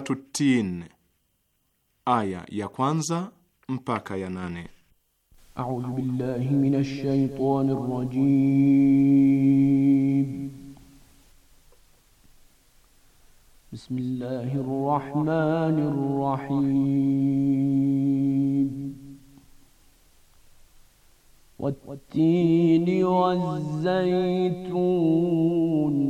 Suratu Tin, aya ya kwanza mpaka ya nane. A'udhu billahi minash rajim. Bismillahir rahmanir rahim. Wat-tini waz-zaytun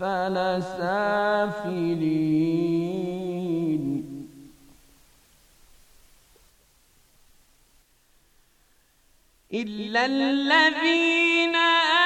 فلسافلين إلا الذين آمنوا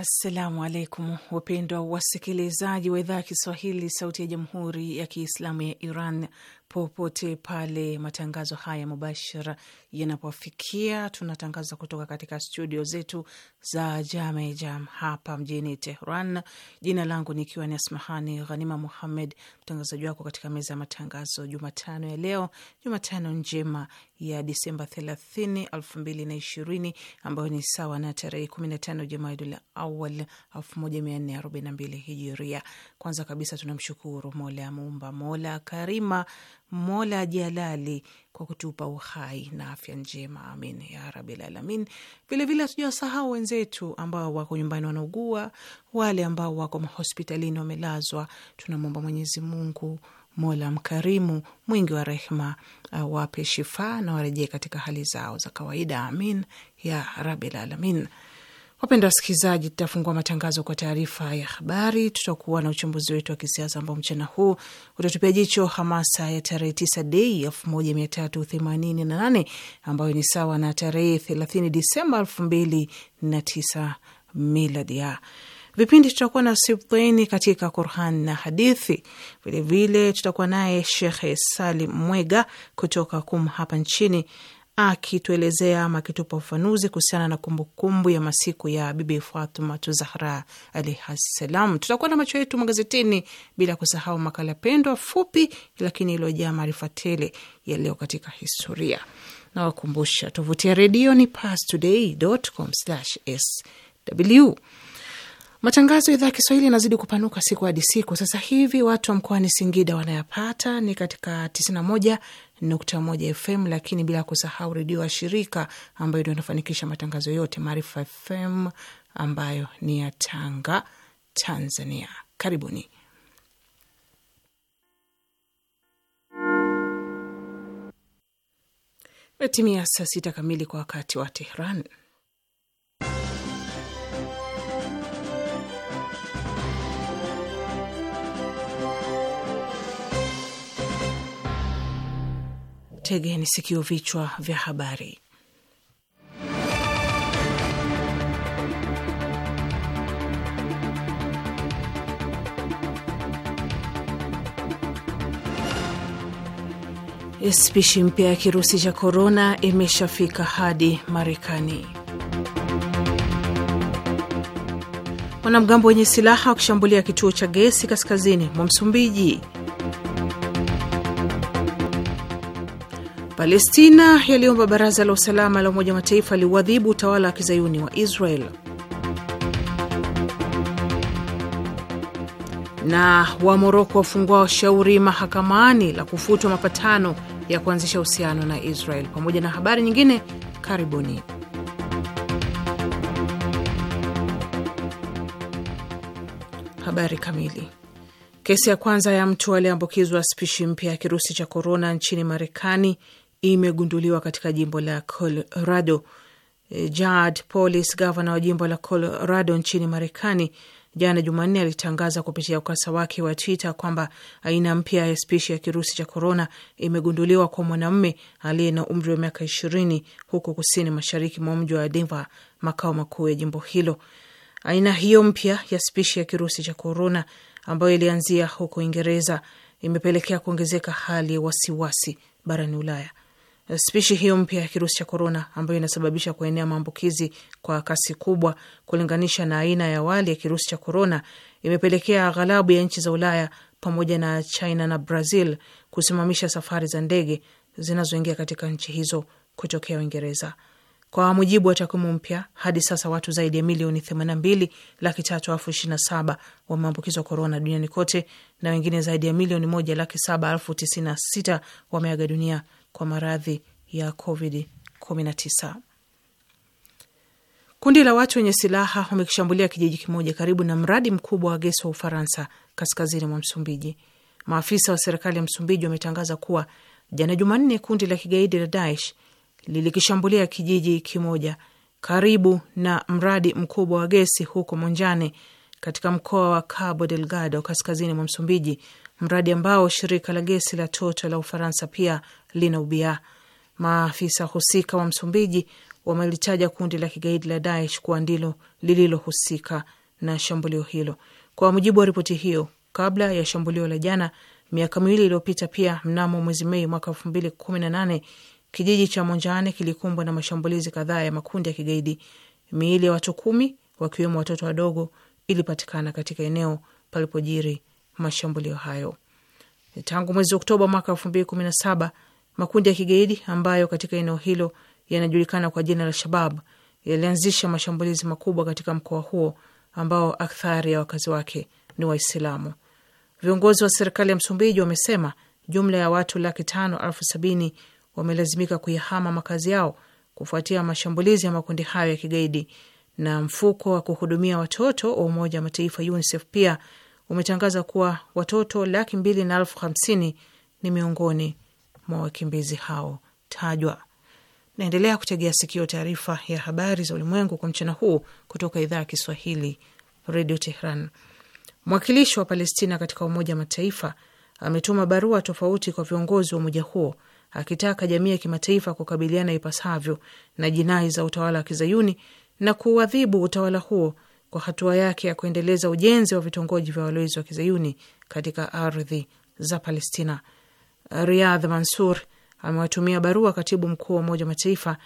Assalamu alaikum, wapendwa wasikilizaji wa idhaa ya Kiswahili, sauti ya jamhuri ya kiislamu ya Iran, popote pale matangazo haya mubashara yanapofikia, tunatangaza kutoka katika studio zetu za Jame Jam hapa mjini Tehran. Jina langu nikiwa ni Asmahani Ghanima Muhammed, mtangazaji wako katika meza ya matangazo Jumatano ya leo, Jumatano njema ya Disemba 30, 2020 ambayo ni sawa na tarehe 15 Jamaadul Awal 1442 Hijiria. Kwanza kabisa tunamshukuru Mola Muumba, Mola Karima Mola Jalali kwa kutupa uhai na afya njema, amin ya rabil alamin. Vilevile hatujawasahau wenzetu ambao wako nyumbani wanaugua, wale ambao wako mahospitalini wamelazwa. Tunamwomba Mwenyezi Mungu Mola mkarimu mwingi wa rehma awape shifaa na warejee katika hali zao za kawaida, amin ya rabil alamin. Wapenda wasikilizaji, tutafungua matangazo kwa taarifa ya habari. Tutakuwa na uchambuzi wetu wa kisiasa ambao mchana huu utatupia jicho hamasa ya tarehe 9 Dei elfu ambayo ni sawa na tarehe thelathini Disemba elfu miladia. Vipindi tutakuwa na sipeni katika Qur'an na hadithi. Vilevile tutakuwa naye Shekhe Salim Mwega kutoka Kum hapa nchini akituelezea ama akitupa ufanuzi kuhusiana na kumbukumbu kumbu ya masiku ya Bibi Fatumatu Zahra alaihi Tutakuwa na macho yetu magazetini, bila kusahau makala pendwa fupi lakini iliyojaa maarifa tele yaliyo katika historia. Nawakumbusha tovuti ya redio ni pastoday.com/sw. Matangazo ya idhaa ya Kiswahili yanazidi kupanuka siku hadi siku. Sasa hivi watu wa mkoani Singida wanayapata ni katika 91 nukta moja FM, lakini bila kusahau redio wa shirika ambayo ndio inafanikisha matangazo yote, Maarifa FM ambayo ni ya Tanga, Tanzania. Karibuni. Metimia saa sita kamili kwa wakati wa Tehran. Tegeni sikio, vichwa vya habari. Spishi mpya ya kirusi cha korona imeshafika hadi Marekani. Wanamgambo wenye silaha wakishambulia kituo cha gesi kaskazini mwa Msumbiji. Palestina yaliomba baraza la usalama la Umoja Mataifa liuadhibu utawala wa kizayuni wa Israel. Na Wamoroko wafungua shauri mahakamani la kufutwa mapatano ya kuanzisha uhusiano na Israel, pamoja na habari nyingine. Karibuni. Habari kamili. Kesi ya kwanza ya mtu aliyeambukizwa spishi mpya ya kirusi cha korona nchini Marekani imegunduliwa katika jimbo la Colorado. E, Jad Polis, gavana wa jimbo la Colorado nchini Marekani, jana Jumanne alitangaza kupitia ukurasa wake wa Twitter kwamba aina mpya ya spishi ya kirusi cha korona imegunduliwa kwa mwanamume aliye na umri wa miaka ishirini huko kusini mashariki mwa mji wa Denver, makao makuu ya jimbo hilo. Aina hiyo mpya ya spishi ya kirusi cha korona ambayo ilianzia huko Uingereza imepelekea kuongezeka hali ya wasiwasi barani Ulaya. Eh, spishi hiyo mpya ya kirusi cha korona ambayo inasababisha kuenea maambukizi kwa kasi kubwa kulinganisha na aina ya awali ya kirusi cha korona imepelekea ghalabu ya nchi za Ulaya pamoja na China na Brazil kusimamisha safari za ndege zinazoingia katika nchi hizo kutokea Uingereza. Kwa mujibu wa takwimu mpya, hadi sasa watu zaidi ya milioni 82 laki tatu elfu ishirini na saba wameambukizwa korona duniani kote na wengine zaidi ya milioni moja laki saba elfu tisini na sita wameaga dunia kwa maradhi ya Covid 19. Kundi la watu wenye silaha wamekishambulia kijiji kimoja karibu na mradi mkubwa wa gesi wa Ufaransa kaskazini mwa Msumbiji. Maafisa wa serikali ya Msumbiji wametangaza kuwa jana Jumanne kundi la kigaidi la Daesh lilikishambulia kijiji kimoja karibu na mradi mkubwa wa gesi huko Monjane katika mkoa wa Cabo Delgado kaskazini mwa Msumbiji, mradi ambao shirika la gesi la Total la Ufaransa pia lina linaubia. Maafisa husika wa Msumbiji wamelitaja kundi la kigaidi la Daesh kuwa ndilo lililohusika na shambulio hilo, kwa mujibu wa ripoti hiyo. Kabla ya shambulio la jana miaka miwili iliyopita, pia mnamo mwezi Mei mwaka elfu mbili kumi na nane kijiji cha Monjane kilikumbwa na mashambulizi kadhaa ya makundi ya kigaidi. Miili ya watu kumi wakiwemo watoto wadogo ilipatikana katika eneo palipojiri mashambulio hayo. Tangu mwezi Oktoba mwaka elfu mbili kumi na saba Makundi ya kigaidi ambayo katika eneo hilo yanajulikana kwa jina la Shabab yalianzisha mashambulizi makubwa katika mkoa huo ambao akthari ya wakazi wake ni Waislamu. Viongozi wa serikali ya Msumbiji wamesema jumla ya watu laki tano elfu sabini wamelazimika kuyahama makazi yao kufuatia mashambulizi ya makundi hayo ya kigaidi. Na mfuko wa kuhudumia watoto wa Umoja wa Mataifa UNICEF pia umetangaza kuwa watoto laki mbili na elfu hamsini ni miongoni mwa wakimbizi hao tajwa. Naendelea kutegea sikio taarifa ya habari za ulimwengu kwa mchana huu kutoka idhaa ya Kiswahili Redio Tehran. Mwakilishi wa Palestina katika Umoja wa Mataifa ametuma barua tofauti kwa viongozi wa umoja huo akitaka jamii ya kimataifa kukabiliana ipasavyo na jinai za utawala wa kizayuni na kuuadhibu utawala huo kwa hatua yake ya kuendeleza ujenzi wa vitongoji vya walowezi wa kizayuni katika ardhi za Palestina. Riadh Mansur amewatumia barua katibu mkuu wa Umoja wa Mataifa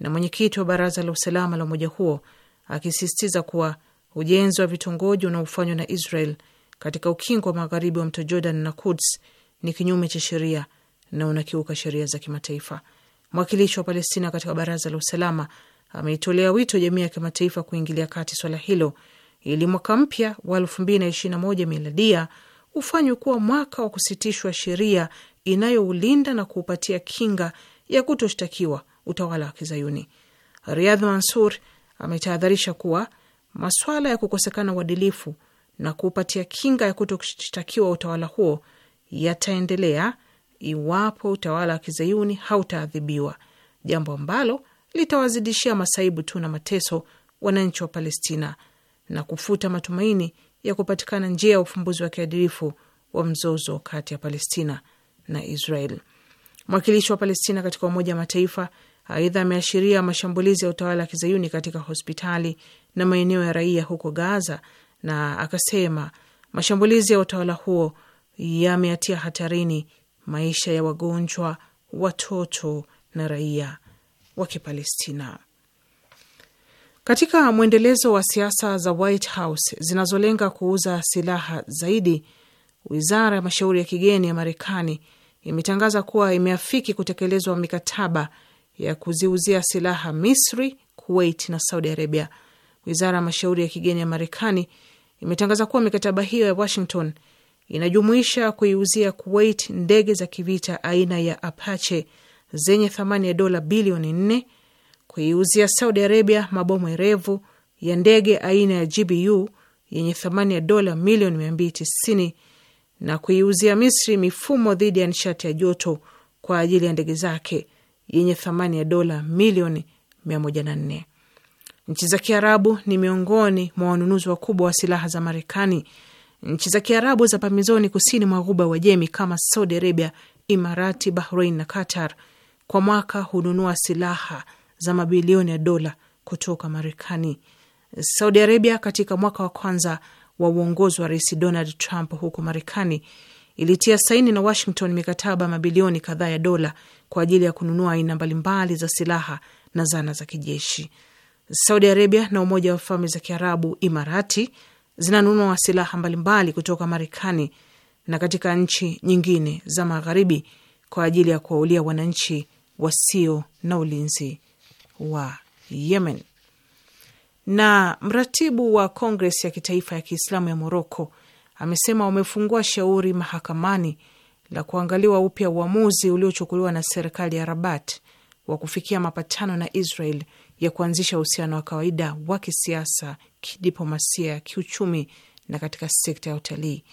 na mwenyekiti wa Baraza la Usalama la umoja huo akisisitiza kuwa ujenzi wa vitongoji unaofanywa na Israel katika ukingo wa magharibi wa mto Jordan na Kuds ni kinyume cha sheria na unakiuka sheria za kimataifa. Mwakilishi wa Palestina katika Baraza la Usalama ameitolea wito jamii ya kimataifa kuingilia kati swala hilo ili mwaka mpya wa elfu mbili na ishirini na moja miladia ufanywe kuwa mwaka wa kusitishwa sheria inayoulinda na kuupatia kinga ya kutoshtakiwa utawala wa Kizayuni. Riad Mansur ametahadharisha kuwa maswala ya kukosekana uadilifu na kuupatia kinga ya kutoshtakiwa utawala huo yataendelea iwapo utawala wa Kizayuni hautaadhibiwa, jambo ambalo litawazidishia masaibu tu na mateso wananchi wa Palestina na kufuta matumaini ya kupatikana njia ya ufumbuzi wa kiadilifu wa mzozo kati ya Palestina na Israel. Mwakilishi wa Palestina katika Umoja wa Mataifa aidha ameashiria mashambulizi ya utawala wa kizayuni katika hospitali na maeneo ya raia huko Gaza, na akasema mashambulizi ya utawala huo yameatia hatarini maisha ya wagonjwa, watoto na raia wa Kipalestina. Katika mwendelezo wa siasa za White House zinazolenga kuuza silaha zaidi Wizara ya mashauri ya kigeni ya Marekani imetangaza kuwa imeafiki kutekelezwa mikataba ya kuziuzia silaha Misri, Kuwait na Saudi Arabia. Wizara ya mashauri ya kigeni ya Marekani imetangaza kuwa mikataba hiyo ya Washington inajumuisha kuiuzia Kuwait ndege za kivita aina ya Apache zenye thamani ya dola bilioni nne, kuiuzia Saudi Arabia mabomu erevu ya ndege aina ya GBU yenye thamani ya dola milioni mia mbili tisini na kuiuzia Misri mifumo dhidi ya nishati ya joto kwa ajili ya ndege zake yenye thamani ya dola milioni 104. Nchi za Kiarabu ni miongoni mwa wanunuzi wakubwa wa silaha za Marekani. Nchi za Kiarabu za pamizoni kusini mwa ghuba Wajemi kama Saudi Arabia, Imarati, Bahrain na Qatar kwa mwaka hununua silaha za mabilioni ya dola kutoka Marekani. Saudi Arabia katika mwaka wa kwanza wa uongozi wa Rais Donald Trump huko Marekani ilitia saini na Washington mikataba mabilioni kadhaa ya dola kwa ajili ya kununua aina mbalimbali za silaha na zana za kijeshi. Saudi Arabia na Umoja wa Falme za Kiarabu, Imarati, zinanunua silaha mbalimbali kutoka Marekani na katika nchi nyingine za Magharibi kwa ajili ya kuwaulia wananchi wasio na ulinzi wa Yemen. Na mratibu wa Kongres ya Kitaifa ya Kiislamu ya Moroko amesema wamefungua shauri mahakamani la kuangaliwa upya uamuzi uliochukuliwa na serikali ya Rabat wa kufikia mapatano na Israel ya kuanzisha uhusiano wa kawaida wa kisiasa, kidiplomasia, kiuchumi na katika sekta ya utalii.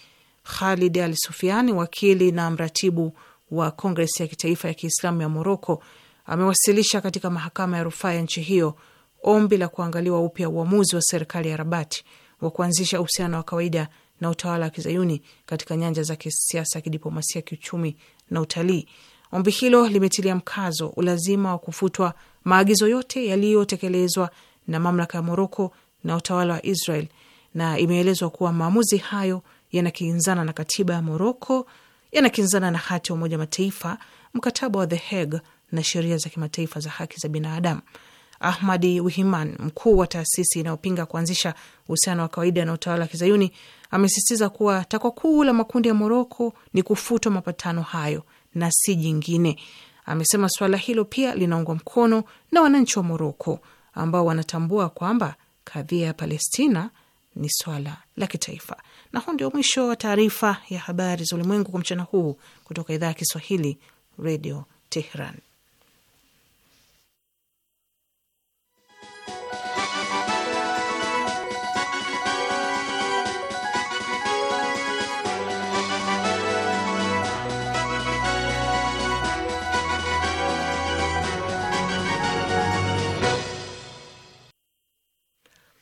Khalid Al Sufiani, wakili na mratibu wa Kongres ya Kitaifa ya Kiislamu ya Moroko, amewasilisha katika mahakama ya rufaa ya nchi hiyo ombi la kuangaliwa upya uamuzi wa serikali ya Rabati wa kuanzisha uhusiano wa kawaida na utawala wa kizayuni katika nyanja za kisiasa, kidiplomasia, kiuchumi na utalii. Ombi hilo limetilia mkazo ulazima wa kufutwa maagizo yote yaliyotekelezwa na mamlaka ya Moroko na utawala wa Israel, na imeelezwa kuwa maamuzi hayo yanakinzana na katiba ya Moroko, yanakinzana na hati ya Umoja Mataifa, mkataba wa The Hague na sheria za kimataifa za haki za binadamu. Ahmadi Wihiman, mkuu wa taasisi inayopinga kuanzisha uhusiano wa kawaida na utawala wa kizayuni, amesisitiza kuwa takwa kuu la makundi ya Moroko ni kufutwa mapatano hayo na si jingine. Amesema suala hilo pia linaungwa mkono na wananchi wa Moroko ambao wanatambua kwamba kadhia ya Palestina ni swala la kitaifa. Na huu ndio mwisho wa taarifa ya habari za ulimwengu kwa mchana huu kutoka idhaa ya Kiswahili, Redio Tehran.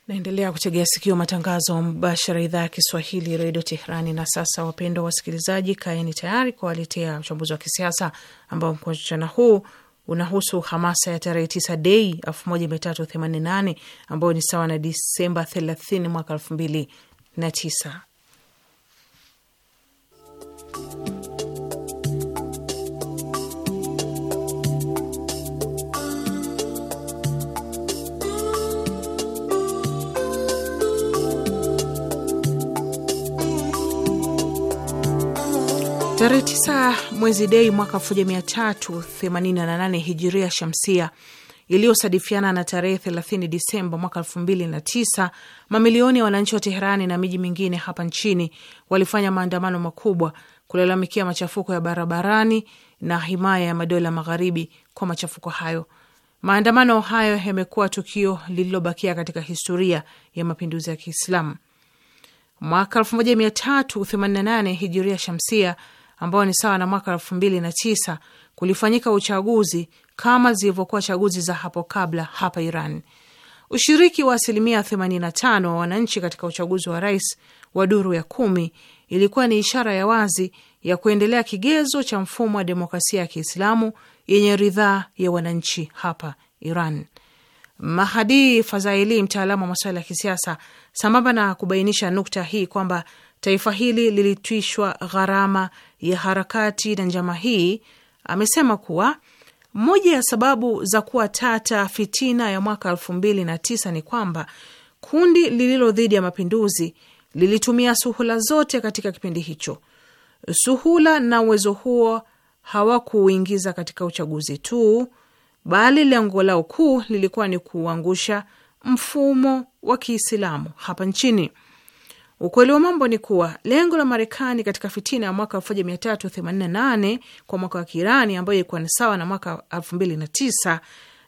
Naendelea kutegea sikio matangazo mbashara idhaa ya Kiswahili redio Teherani. Na sasa, wapendwa wasikilizaji, kaeni tayari kuwaletea uchambuzi wa kisiasa ambao kwa mchana huu unahusu hamasa ya tarehe tisa Dei 1388 ambayo ni sawa na Disemba 30 mwaka 2009. Tarehe 9 mwezi Dei mwaka nane hijiria shamsia iliyosadifiana na tarehe thelathini Disemba mwaka tisa mamilioni ya wananchi wa Teherani na miji mingine hapa nchini walifanya maandamano makubwa kulalamikia machafuko ya barabarani na himaya ya madola magharibi kwa machafuko hayo. Maandamano hayo yamekuwa tukio lililobakia katika historia ya mapinduzi ya Kiislamu. Mwaka nane hijiria shamsia ambao ni sawa na mwaka elfu mbili na tisa kulifanyika uchaguzi kama zilivyokuwa chaguzi za hapo kabla hapa Iran. Ushiriki wa asilimia 85 wa wananchi katika uchaguzi wa rais wa duru ya kumi ilikuwa ni ishara ya wazi ya kuendelea kigezo cha mfumo wa demokrasia ya Kiislamu yenye ridhaa ya wananchi hapa Iran. Mahadi Fazaili, mtaalamu wa masuala ya kisiasa, sambamba na kubainisha nukta hii kwamba taifa hili lilitwishwa gharama ya harakati na njama hii amesema kuwa moja ya sababu za kuwa tata fitina ya mwaka elfu mbili na tisa ni kwamba kundi lililo dhidi ya mapinduzi lilitumia suhula zote katika kipindi hicho. Suhula na uwezo huo hawakuuingiza katika uchaguzi tu, bali lengo lao kuu lilikuwa ni kuuangusha mfumo wa Kiislamu hapa nchini. Ukweli wa mambo ni kuwa lengo la Marekani katika fitina ya mwaka 1388 kwa mwaka wa Kiirani, ambayo ilikuwa ni sawa na mwaka 2009,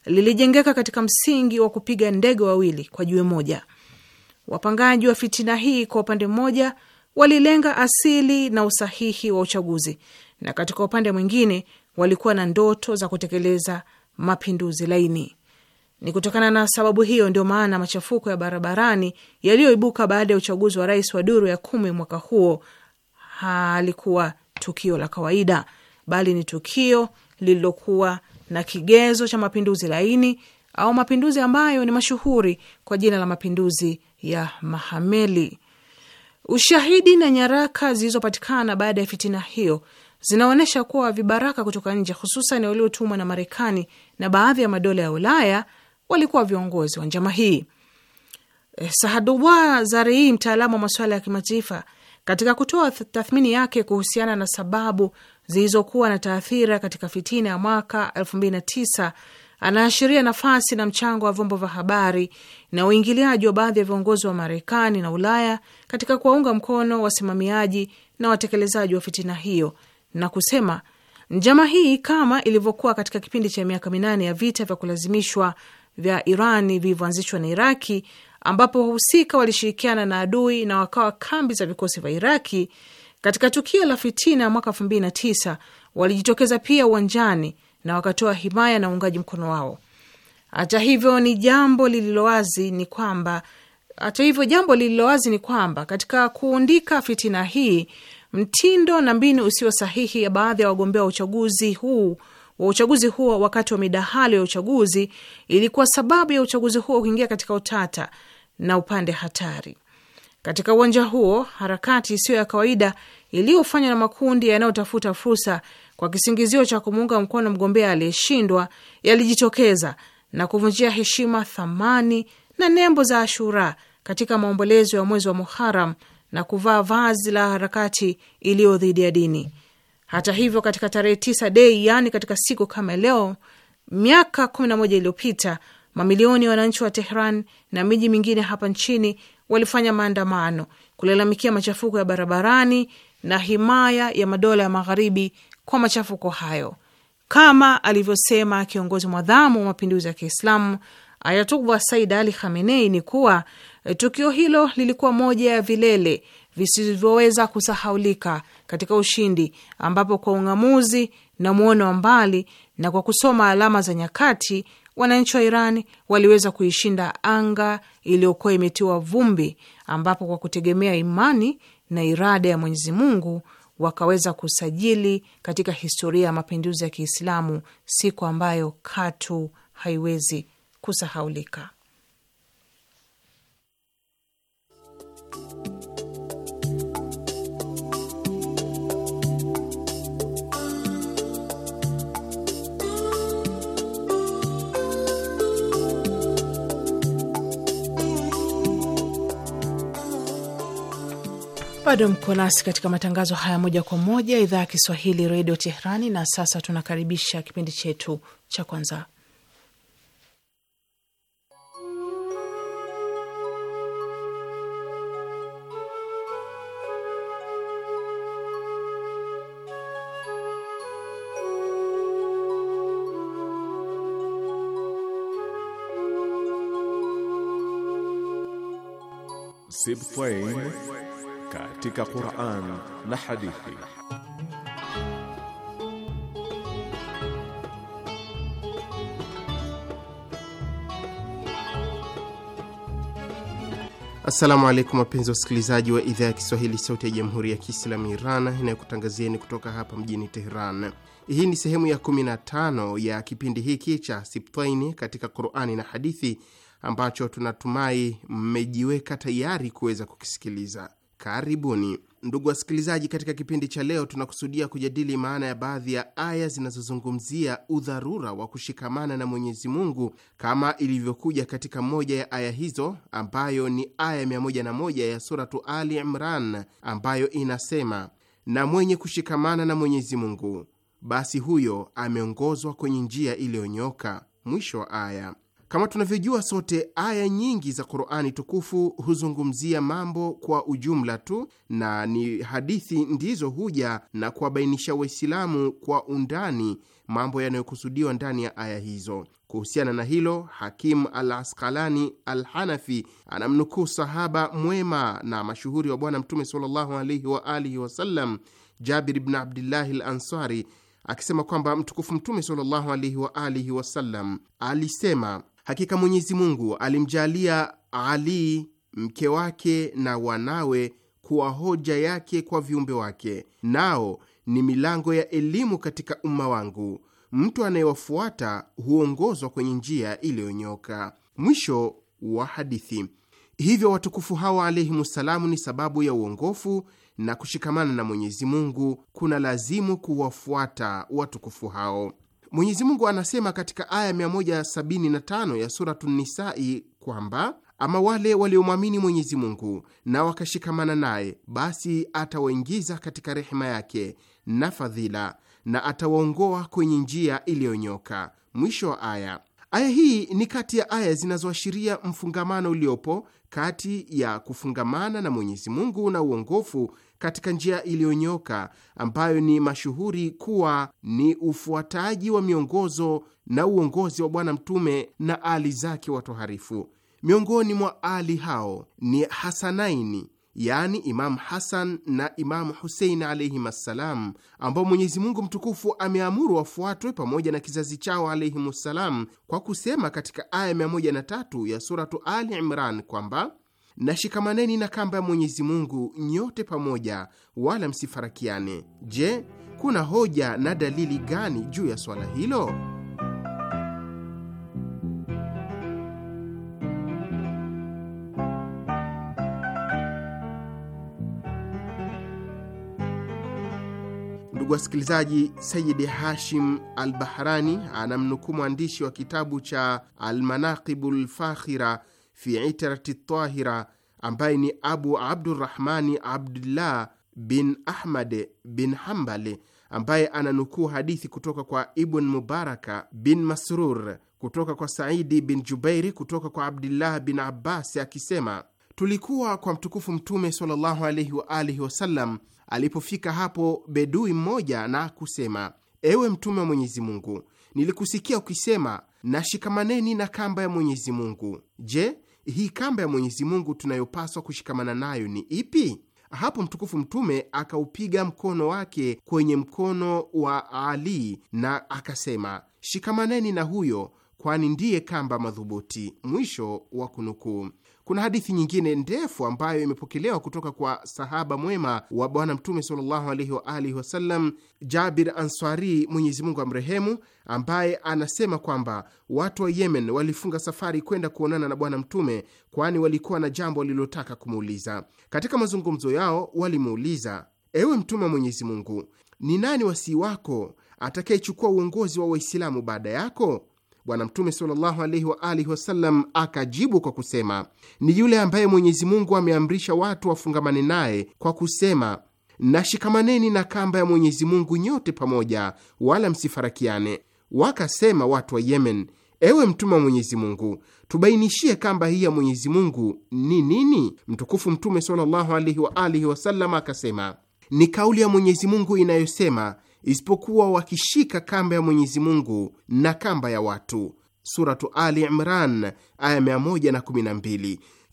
lilijengeka katika msingi wa kupiga ndege wawili kwa jiwe moja. Wapangaji wa fitina hii kwa upande mmoja walilenga asili na usahihi wa uchaguzi, na katika upande mwingine walikuwa na ndoto za kutekeleza mapinduzi laini. Ni kutokana na sababu hiyo ndio maana machafuko ya barabarani yaliyoibuka baada ya uchaguzi wa rais wa duru ya kumi mwaka huo halikuwa tukio la kawaida, bali ni tukio lililokuwa na kigezo cha mapinduzi laini au mapinduzi ambayo ni mashuhuri kwa jina la mapinduzi ya mahameli. Ushahidi na nyaraka zilizopatikana baada ya fitina hiyo zinaonyesha kuwa vibaraka kutoka nje, hususan waliotumwa na Marekani na baadhi ya madola ya Ulaya walikuwa viongozi wa njama hii. Eh, Sahadua Zarii, mtaalamu wa masuala ya kimataifa, katika kutoa tathmini yake kuhusiana na sababu zilizokuwa na taathira katika fitina ya mwaka 2009 anaashiria nafasi na mchango wa vyombo vya habari na uingiliaji wa baadhi ya viongozi wa Marekani na Ulaya katika kuwaunga mkono wasimamiaji na watekelezaji wa fitina hiyo na kusema njama hii kama ilivyokuwa katika kipindi cha miaka minane ya vita vya kulazimishwa vya Irani vilivyoanzishwa na Iraki, ambapo wahusika walishirikiana na adui na wakawa kambi za vikosi vya Iraki. Katika tukio la fitina mwaka elfu mbili na tisa walijitokeza pia uwanjani na wakatoa himaya na uungaji mkono wao. Hata hivyo ni jambo lililowazi ni kwamba hata hivyo jambo wazi ni kwamba katika kuundika fitina hii, mtindo na mbinu usio sahihi ya baadhi ya wagombea wa uchaguzi huu wa uchaguzi huo wakati wa midahalo ya uchaguzi ilikuwa sababu ya uchaguzi huo kuingia katika utata na upande hatari. Katika uwanja huo, harakati isiyo ya kawaida iliyofanywa na makundi yanayotafuta fursa kwa kisingizio cha kumuunga mkono mgombea aliyeshindwa yalijitokeza na kuvunjia heshima thamani na nembo za Ashura katika maombolezo ya mwezi wa Muharam na kuvaa vazi la harakati iliyo dhidi ya dini. Hata hivyo, katika tarehe tisa Dei, yaani katika siku kama leo, miaka moja iliyopita, mamilioni ya wananchi wa Tehran na miji mingine hapa nchini walifanya maandamano kulalamikia machafuko ya barabarani na himaya ya madola ya magharibi kwa machafuko hayo, kama alivyosema kiongozi mwadhamu wa mapinduzi ya Kiislamu Ayatullah Said Ali Khamenei ni kuwa eh, tukio hilo lilikuwa moja ya vilele visivyoweza kusahaulika katika ushindi, ambapo kwa ung'amuzi na mwono wa mbali na kwa kusoma alama za nyakati wananchi wa Iran waliweza kuishinda anga iliyokuwa imetiwa vumbi, ambapo kwa kutegemea imani na irada ya Mwenyezi Mungu wakaweza kusajili katika historia ya mapinduzi ya Kiislamu siku ambayo katu haiwezi kusahaulika. Bado mko nasi katika matangazo haya moja kwa moja, idhaa ya Kiswahili, redio Teherani. Na sasa tunakaribisha kipindi chetu cha kwanza, Sibtain katika Qur'an na hadithi. Assalamu alaikum wapenzi wasikilizaji wa idhaa ya Kiswahili sauti ya Jamhuri ya Kiislamu Iran inayokutangazieni kutoka hapa mjini Tehran. Hii ni sehemu ya 15 ya kipindi hiki cha Siptaini katika Qur'ani na hadithi ambacho tunatumai mmejiweka tayari kuweza kukisikiliza. Karibuni ndugu wasikilizaji, katika kipindi cha leo tunakusudia kujadili maana ya baadhi ya aya zinazozungumzia udharura wa kushikamana na Mwenyezi Mungu kama ilivyokuja katika moja ya aya hizo ambayo ni aya 101 ya suratu Ali Imran ambayo inasema, na mwenye kushikamana na Mwenyezi Mungu basi huyo ameongozwa kwenye njia iliyonyoka. Mwisho wa aya. Kama tunavyojua sote, aya nyingi za Qur'ani tukufu huzungumzia mambo kwa ujumla tu, na ni hadithi ndizo huja na kuwabainisha Waislamu kwa undani mambo yanayokusudiwa ndani ya aya hizo. Kuhusiana na hilo, Hakim al Asqalani al Hanafi anamnukuu sahaba mwema na mashuhuri wa Bwana Mtume sallallahu alaihi wa alihi wasallam Jabir ibn Abdillahi al Ansari akisema kwamba mtukufu Mtume sallallahu alaihi wa alihi wasallam alisema Hakika Mwenyezi Mungu alimjalia Ali mke wake na wanawe kuwa hoja yake kwa viumbe wake, nao ni milango ya elimu katika umma wangu. Mtu anayewafuata huongozwa kwenye njia iliyonyoka. Mwisho wa hadithi. Hivyo watukufu hawa salamu ni sababu ya uongofu na kushikamana na Mwenyezi Mungu kuna lazimu kuwafuata watukufu hao. Mwenyezi Mungu anasema katika aya 175 ya Suratu Nisai kwamba ama wale waliomwamini Mwenyezi Mungu na wakashikamana naye, basi atawaingiza katika rehema yake na fadhila na atawaongoa kwenye njia iliyonyoka. Mwisho wa aya. Aya hii ni kati ya aya zinazoashiria mfungamano uliopo kati ya kufungamana na Mwenyezi Mungu na uongofu katika njia iliyonyoka ambayo ni mashuhuri kuwa ni ufuataji wa miongozo na uongozi wa Bwana Mtume na ali zake watoharifu. Miongoni mwa ali hao ni Hasanaini, yani Imamu Hasan na Imamu Husein alaihim assalam, ambao Mwenyezi Mungu mtukufu ameamuru wafuatwe pamoja na kizazi chao alaihim assalam, kwa kusema katika aya 103 ya Suratu Ali Imran kwamba na shikamaneni na kamba ya Mwenyezi Mungu nyote pamoja, wala msifarakiane. Je, kuna hoja na dalili gani juu ya swala hilo? Ndugu wasikilizaji, Sayidi Hashim Al Bahrani anamnukuu mwandishi wa kitabu cha Almanaqibu Lfakhira fi itrati tahira ambaye ni Abu Abdurrahmani Abdullah bin Ahmad bin Hambal ambaye ananukuu hadithi kutoka kwa Ibn Mubaraka bin Masrur kutoka kwa Saidi bin Jubairi kutoka kwa abdullah bin Abbas akisema tulikuwa kwa mtukufu Mtume sallallahu alaihi wa alihi wasallam. Alipofika hapo bedui mmoja na kusema, ewe Mtume wa Mwenyezi Mungu, nilikusikia ukisema na shikamaneni na kamba ya Mwenyezi Mungu. Je, hii kamba ya Mwenyezi Mungu tunayopaswa kushikamana nayo ni ipi? Hapo mtukufu Mtume akaupiga mkono wake kwenye mkono wa Ali na akasema, shikamaneni na huyo, kwani ndiye kamba madhubuti. Mwisho wa kunukuu. Kuna hadithi nyingine ndefu ambayo imepokelewa kutoka kwa sahaba mwema wa Bwana Mtume sallallahu alaihi wa alihi wasallam, Jabir Ansari, Mwenyezi Mungu amrehemu, ambaye anasema kwamba watu wa Yemen walifunga safari kwenda kuonana na Bwana Mtume, kwani walikuwa na jambo walilotaka kumuuliza. Katika mazungumzo yao walimuuliza, ewe Mtume wa Mwenyezi Mungu, ni nani wasii wako atakayechukua uongozi wa Waislamu baada yako? Bwana Mtume sallallahu alaihi wa alihi wasallam akajibu kwa kusema, ni yule ambaye Mwenyezi Mungu ameamrisha watu wafungamane naye kwa kusema, nashikamaneni na kamba ya Mwenyezi Mungu nyote pamoja, wala msifarakiane. Wakasema watu wa Yemen, ewe Mtume wa Mwenyezi Mungu, tubainishie kamba hii ya Mwenyezi Mungu ni nini? Mtukufu Mtume sallallahu alaihi wa alihi wasallam akasema, ni kauli ya Mwenyezi Mungu inayosema isipokuwa wakishika kamba ya Mwenyezi Mungu na kamba ya watu. Suratu Ali Imran aya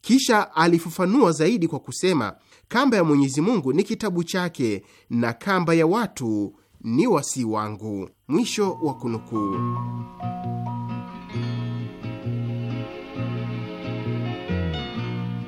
Kisha alifafanua zaidi kwa kusema, kamba ya Mwenyezi Mungu ni kitabu chake na kamba ya watu ni wasii wangu. Mwisho wa kunukuu.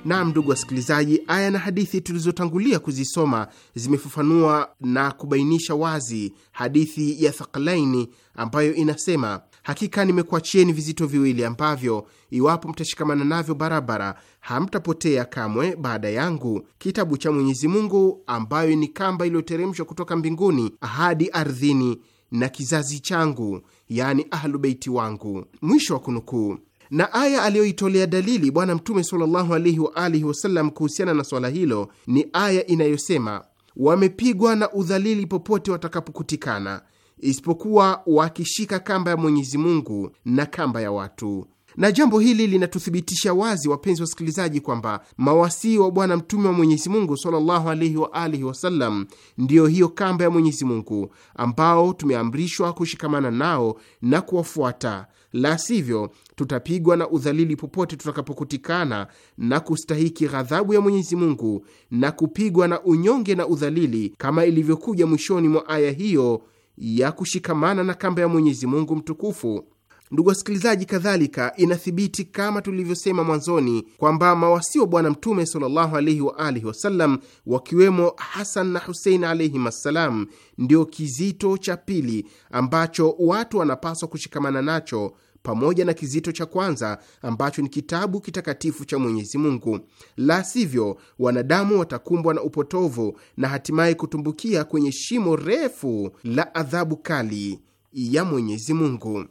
Na ndugu wasikilizaji, aya na hadithi tulizotangulia kuzisoma zimefafanua na kubainisha wazi hadithi ya Thakalaini ambayo inasema, hakika nimekuachieni vizito viwili ambavyo iwapo mtashikamana navyo barabara hamtapotea kamwe baada yangu, kitabu cha Mwenyezi Mungu ambayo ni kamba iliyoteremshwa kutoka mbinguni hadi ardhini, na kizazi changu, yaani ahlubeiti wangu. Mwisho wa kunukuu na aya aliyoitolea dalili Bwana Mtume sallallahu alaihi wa alihi wasallam kuhusiana na swala hilo ni aya inayosema, wamepigwa na udhalili popote watakapokutikana, isipokuwa wakishika kamba ya Mwenyezi Mungu na kamba ya watu. Na jambo hili linatuthibitisha wazi, wapenzi wasikilizaji, kwamba mawasii wa Bwana Mtume wa Mwenyezi Mungu sallallahu alaihi wa alihi wasallam ndiyo hiyo kamba ya Mwenyezi Mungu ambao tumeamrishwa kushikamana nao na kuwafuata, la sivyo tutapigwa na udhalili popote tutakapokutikana na kustahiki ghadhabu ya Mwenyezi Mungu na kupigwa na unyonge na udhalili, kama ilivyokuja mwishoni mwa aya hiyo ya kushikamana na kamba ya Mwenyezi Mungu mtukufu. Ndugu wasikilizaji, kadhalika inathibiti kama tulivyosema mwanzoni kwamba mawasi wa Bwana Mtume sallallahu alaihi wa alihi wasallam wakiwemo Hasan na Husein alaihim assalam, ndio kizito cha pili ambacho watu wanapaswa kushikamana nacho pamoja na kizito cha kwanza ambacho ni kitabu kitakatifu cha Mwenyezi Mungu. La sivyo, wanadamu watakumbwa na upotovu na hatimaye kutumbukia kwenye shimo refu la adhabu kali ya Mwenyezi Mungu.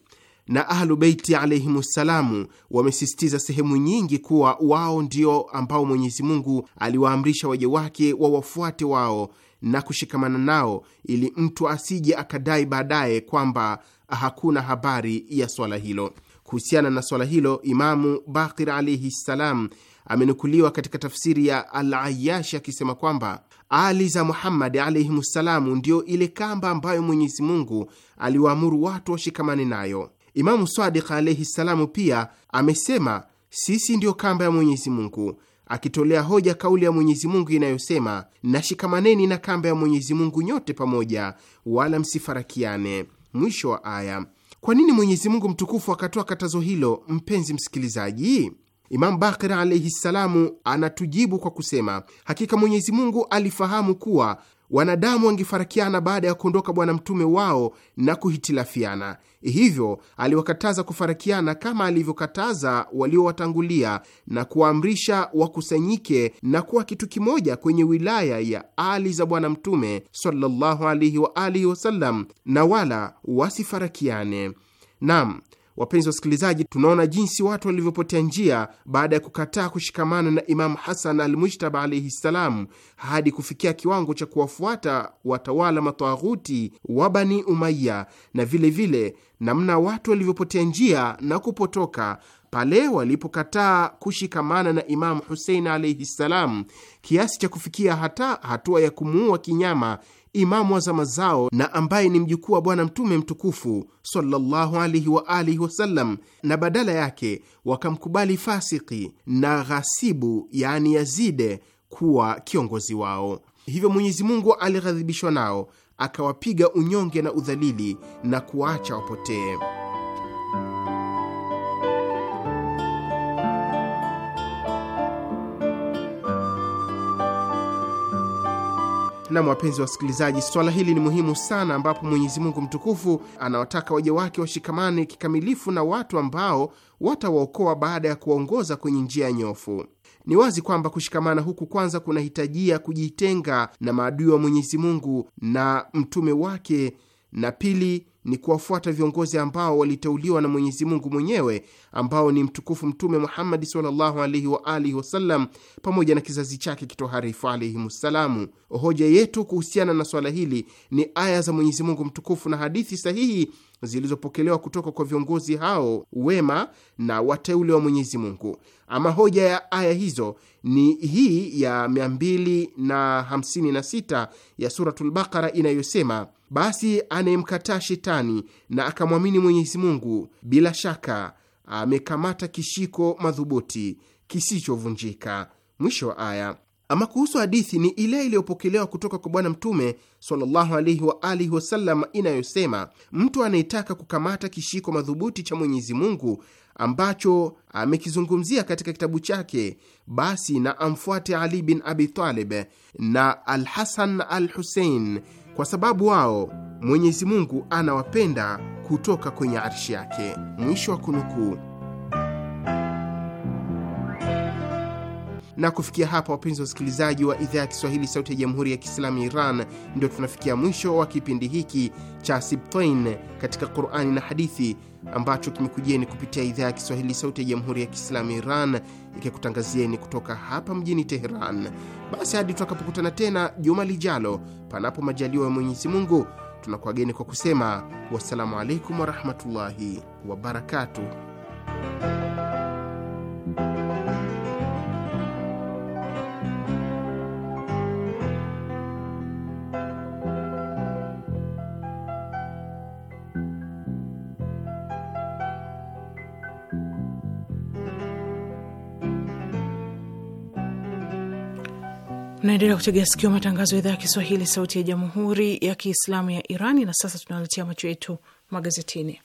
Na Ahlu Beiti alaihimussalamu wamesisitiza sehemu nyingi kuwa wao ndio ambao Mwenyezi Mungu aliwaamrisha waja wake wa wafuate wao na kushikamana nao ili mtu asije akadai baadaye kwamba hakuna habari ya swala hilo. Kuhusiana na swala hilo, Imamu Bakir alaihi ssalam amenukuliwa katika tafsiri ya Al-Ayashi akisema kwamba ali za Muhammadi alaihim ssalamu ndiyo ile kamba ambayo Mwenyezi Mungu aliwaamuru watu washikamane nayo. Imamu Sadiq alaihi ssalamu pia amesema sisi ndiyo kamba ya Mwenyezi Mungu, akitolea hoja kauli ya Mwenyezi Mungu inayosema, nashikamaneni na kamba ya Mwenyezi Mungu nyote pamoja, wala msifarakiane. Mwisho wa aya. Kwa nini Mwenyezi Mungu mtukufu akatoa katazo hilo, mpenzi msikilizaji? Imamu Bakir alaihi ssalamu anatujibu kwa kusema, hakika Mwenyezi Mungu alifahamu kuwa wanadamu wangefarakiana baada ya kuondoka bwana mtume wao na kuhitilafiana. Hivyo aliwakataza kufarakiana kama alivyokataza waliowatangulia na kuwaamrisha wakusanyike na kuwa kitu kimoja kwenye wilaya ya Ali za bwana mtume sallallahu alihi wa alihi wasallam, na wala wasifarakiane. Naam wapenzi wa wasikilizaji, tunaona jinsi watu walivyopotea njia baada ya kukataa kushikamana na Imamu Hasan al Mushtaba alaihi ssalam, hadi kufikia kiwango cha kuwafuata watawala matwaghuti wa Bani Umaya, na vilevile vile, namna watu walivyopotea njia na kupotoka pale walipokataa kushikamana na Imamu Husein alaihi ssalam, kiasi cha kufikia hata hatua ya kumuua kinyama imamu wa zama zao na ambaye ni mjukuu wa Bwana Mtume mtukufu sallallahu wa alihi wasallam, na badala yake wakamkubali fasiki na ghasibu, yani Yazide, kuwa kiongozi wao. Hivyo Mwenyezi Mungu alighadhibishwa nao akawapiga unyonge na udhalili na kuwaacha wapotee. nam wapenzi wasikilizaji, swala hili ni muhimu sana, ambapo Mwenyezi Mungu mtukufu anawataka waja wake washikamane kikamilifu na watu ambao watawaokoa baada ya kuwaongoza kwenye njia ya nyofu. Ni wazi kwamba kushikamana huku kwanza kunahitajia kujitenga na maadui wa Mwenyezi Mungu na mtume wake, na pili ni kuwafuata viongozi ambao waliteuliwa na Mwenyezi Mungu mwenyewe ambao ni mtukufu Mtume Muhammadi sallallahu alaihi wa alihi wasallam pamoja na kizazi chake kitoharifu alaihimssalamu. Hoja yetu kuhusiana na swala hili ni aya za Mwenyezi Mungu mtukufu na hadithi sahihi zilizopokelewa kutoka kwa viongozi hao wema na wateule wa Mwenyezi Mungu. Ama hoja ya aya hizo ni hii ya 256 ya Suratul Baqara inayosema basi anayemkataa shetani na akamwamini Mwenyezi Mungu, bila shaka amekamata kishiko madhubuti kisichovunjika. Mwisho wa aya. Ama kuhusu hadithi ni ile iliyopokelewa kutoka kwa Bwana Mtume sallallahu alaihi wa alihi wasallam inayosema, mtu anayetaka kukamata kishiko madhubuti cha Mwenyezi Mungu ambacho amekizungumzia katika kitabu chake, basi na amfuate Ali bin Abi Talib na Al Al Husein kwa sababu wao Mwenyezi Mungu anawapenda kutoka kwenye arshi yake. Mwisho wa kunukuu. Na kufikia hapa, wapenzi wa wasikilizaji wa idhaa ya Kiswahili sauti ya Jamhuri ya Kiislamu ya Iran, ndio tunafikia mwisho wa kipindi hiki cha Sibtain katika Qurani na Hadithi ambacho kimekujieni kupitia idhaa ya Kiswahili sauti ya Jamhuri ya Kiislamu ya Iran ikikutangazieni kutoka hapa mjini Teheran. Basi hadi tutakapokutana tena juma lijalo, panapo majaliwa ya Mwenyezi Mungu, tunakuwageni kwa kusema wassalamu alaikum warahmatullahi wabarakatuh. Naendelea kutegea sikio matangazo ya idhaa ya Kiswahili, sauti ya jamhuri ya kiislamu ya Irani. Na sasa tunawaletea macho yetu magazetini.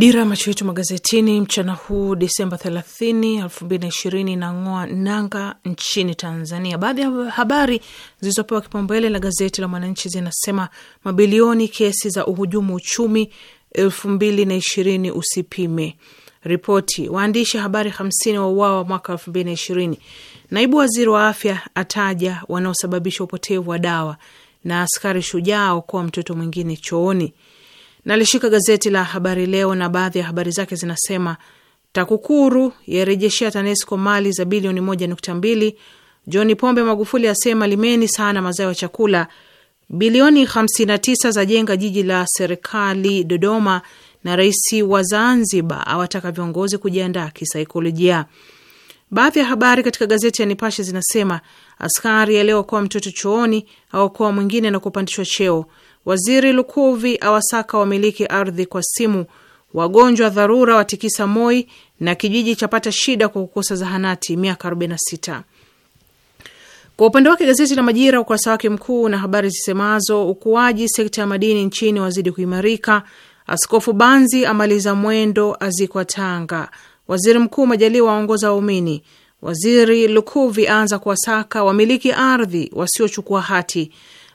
Dira macho yetu magazetini mchana huu Disemba 30, 2020 nangoa nanga nchini Tanzania. Baadhi ya habari zilizopewa kipaumbele la gazeti la Mwananchi zinasema mabilioni kesi za uhujumu uchumi 2020 usipime ripoti. Waandishi habari 50 wa uwawa mwaka 2020. Naibu waziri wa afya ataja wanaosababisha upotevu wa dawa, na askari shujaa okoa mtoto mwingine chooni. Nalishika gazeti la Habari Leo na baadhi ya habari zake zinasema: TAKUKURU yarejeshea TANESCO mali za bilioni moja nukta mbili. John Pombe Magufuli asema limeni sana mazao ya chakula. Bilioni 59 za jenga jiji la serikali Dodoma. Na rais wa Zanzibar awataka viongozi kujiandaa kisaikolojia. Baadhi ya habari katika gazeti ya Nipashe zinasema askari aliokoa mtoto chooni aokoa mwingine na kupandishwa cheo Waziri Lukuvi awasaka wamiliki ardhi kwa simu. Wagonjwa dharura watikisa Moi na kijiji chapata shida kwa kukosa zahanati miaka 46. Kwa upande wake gazeti la Majira ukurasa wake mkuu na habari zisemazo ukuaji sekta ya madini nchini wazidi kuimarika, Askofu Banzi amaliza mwendo azikwa Tanga, Waziri Mkuu Majaliwa aongoza waumini, Waziri Lukuvi aanza kuwasaka wamiliki ardhi wasiochukua hati,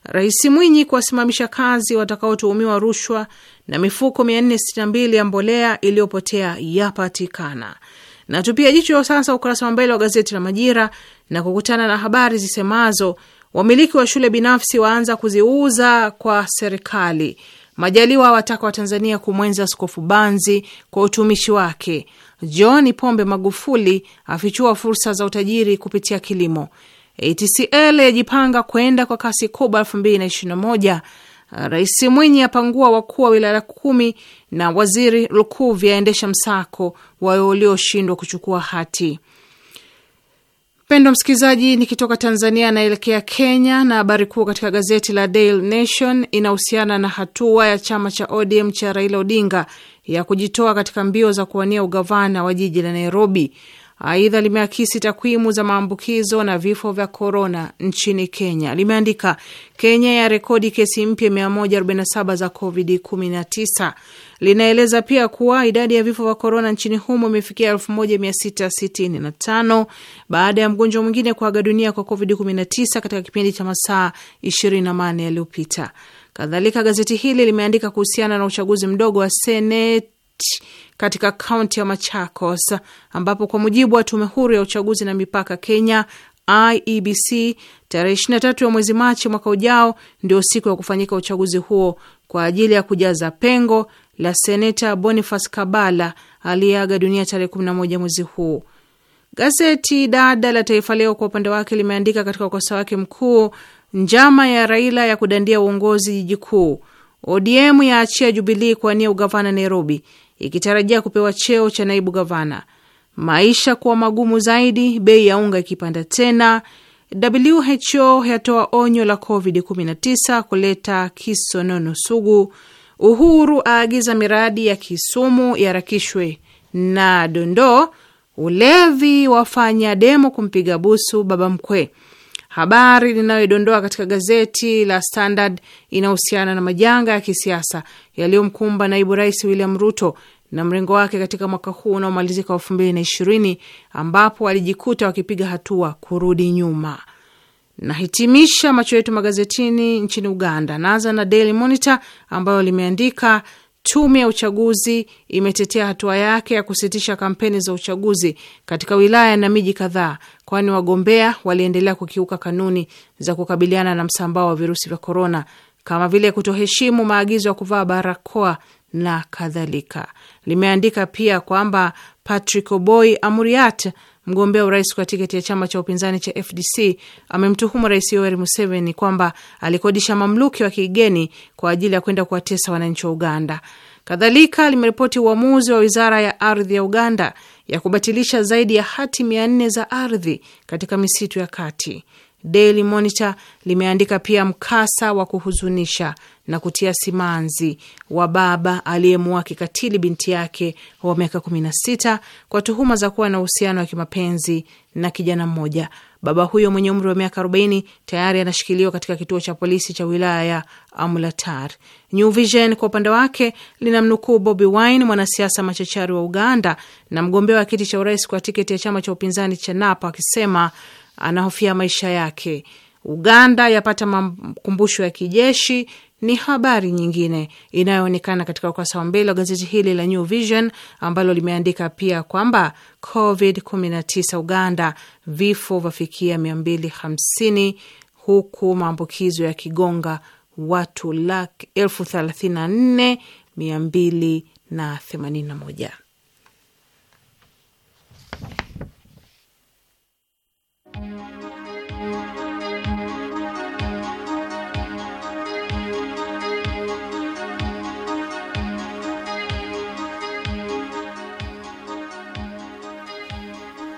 Rais Mwinyi kuwasimamisha kazi watakaotuhumiwa rushwa na mifuko 462 ya mbolea iliyopotea yapatikana. Na tupia jicho sasa ukurasa wa mbele wa gazeti la Majira na kukutana na habari zisemazo wamiliki wa shule binafsi waanza kuziuza kwa serikali. Majaliwa wataka Watanzania kumwenza Askofu Banzi kwa utumishi wake. John Pombe Magufuli afichua fursa za utajiri kupitia kilimo. ATCL yajipanga kwenda kwa kasi kubwa moja. Uh, Rais Mwinyi apangua wakuu wa wilaya kumi na waziri Lukuvi aendesha msako wa walioshindwa kuchukua hati. Mpendo msikilizaji, nikitoka Tanzania anaelekea Kenya, na habari kuu katika gazeti la Daily Nation inahusiana na hatua ya chama cha ODM cha Raila Odinga ya kujitoa katika mbio za kuwania ugavana wa jiji la Nairobi. Aidha, limeakisi takwimu za maambukizo na vifo vya korona nchini Kenya. Limeandika Kenya ya rekodi kesi mpya 147 za COVID-19. Linaeleza pia kuwa idadi ya vifo vya korona nchini humo imefikia 1665 baada ya mgonjwa mwingine kuaga dunia kwa COVID-19 katika kipindi cha masaa 24 yaliyopita. Kadhalika, gazeti hili limeandika kuhusiana na uchaguzi mdogo wa seneti katika kaunti ya Machakos, ambapo kwa mujibu wa tume huru ya uchaguzi na mipaka Kenya IEBC, tarehe 23 ya mwezi Machi mwaka ujao ndio siku ya kufanyika uchaguzi huo kwa ajili ya kujaza pengo la seneta Boniface Kabala aliyeaga dunia tarehe 11 mwezi huu. Gazeti dada la Taifa Leo kwa upande wake limeandika katika ukosa wake mkuu, njama ya Raila ya kudandia uongozi jiji kuu, ODM yaachia Jubilii kuwania ugavana Nairobi, ikitarajia kupewa cheo cha naibu gavana, maisha kuwa magumu zaidi, bei ya unga ikipanda tena. WHO yatoa onyo la COVID-19 kuleta kisonono sugu. Uhuru aagiza miradi ya Kisumu yarakishwe Na dondoo, ulevi wafanya demo kumpiga busu baba mkwe. Habari linayodondoa katika gazeti la Standard inahusiana na majanga ya kisiasa yaliyomkumba naibu rais William Ruto na mrengo wake katika mwaka huu unaomalizika elfu mbili na ishirini ambapo walijikuta wakipiga hatua kurudi nyuma. Nahitimisha macho yetu magazetini nchini Uganda. Naanza na Daily Monitor ambayo limeandika Tume ya uchaguzi imetetea hatua yake ya kusitisha kampeni za uchaguzi katika wilaya na miji kadhaa, kwani wagombea waliendelea kukiuka kanuni za kukabiliana na msambao wa virusi vya korona kama vile kutoheshimu maagizo ya kuvaa barakoa na kadhalika. Limeandika pia kwamba Patrick Oboi Amuriat mgombea urais kwa tiketi ya chama cha upinzani cha FDC amemtuhumu Rais Yoweri Museveni kwamba alikodisha mamluki wa kigeni kwa ajili ya kwenda kuwatesa wananchi wa Uganda. Kadhalika limeripoti uamuzi wa wizara ya ardhi ya Uganda ya kubatilisha zaidi ya hati mia nne za ardhi katika misitu ya kati. Daily Monitor limeandika pia mkasa wa kuhuzunisha na kutia simanzi wa baba aliyemuua kikatili binti yake wa miaka kumi na sita kwa tuhuma za kuwa na uhusiano wa kimapenzi na kijana mmoja. Baba huyo mwenye umri wa miaka 40 tayari anashikiliwa katika kituo cha polisi cha wilaya ya Amulatar. New Vision kwa upande wake linamnukuu Bobi Wine, mwanasiasa machachari wa Uganda na mgombea wa kiti cha urais kwa tiketi ya chama cha upinzani cha Napa, akisema anahofia maisha yake. Uganda yapata makumbusho ya kijeshi ni habari nyingine inayoonekana katika ukurasa wa mbele wa gazeti hili la New Vision ambalo limeandika pia kwamba Covid 19 Uganda, vifo vafikia 250 huku maambukizo ya kigonga watu elfu thelathini na nne mia mbili na themanini na moja.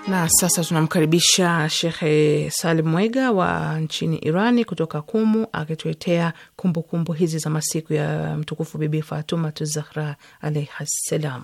Na sasa tunamkaribisha Shekhe Salim Mwega wa nchini Irani kutoka Kumu akituletea kumbukumbu hizi za masiku ya mtukufu Bibi Fatuma Tuzahra alaihi ssalam.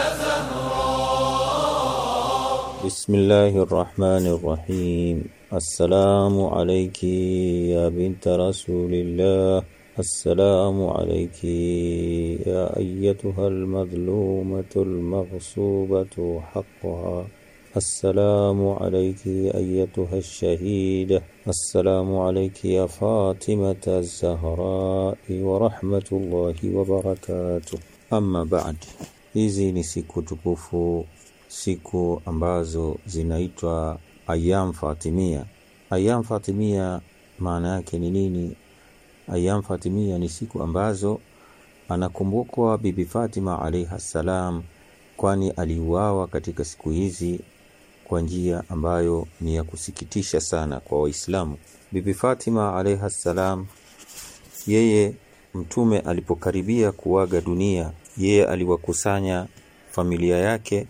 بسم الله الرحمن الرحيم السلام عليك يا بنت رسول الله السلام عليك يا أيتها المظلومة المغصوبة حقها السلام عليك أيتها الشهيدة السلام عليك يا فاطمة الزهراء ورحمة الله وبركاته أما بعد إذن ni siku ambazo zinaitwa ayam fatimia. Ayam fatimia maana yake ni nini? Ayam fatimia ni siku ambazo anakumbukwa Bibi Fatima alaihi salam, kwani aliuawa katika siku hizi kwa njia ambayo ni ya kusikitisha sana kwa Waislamu. Bibi Fatima alaihi salam, yeye Mtume alipokaribia kuaga dunia, yeye aliwakusanya familia yake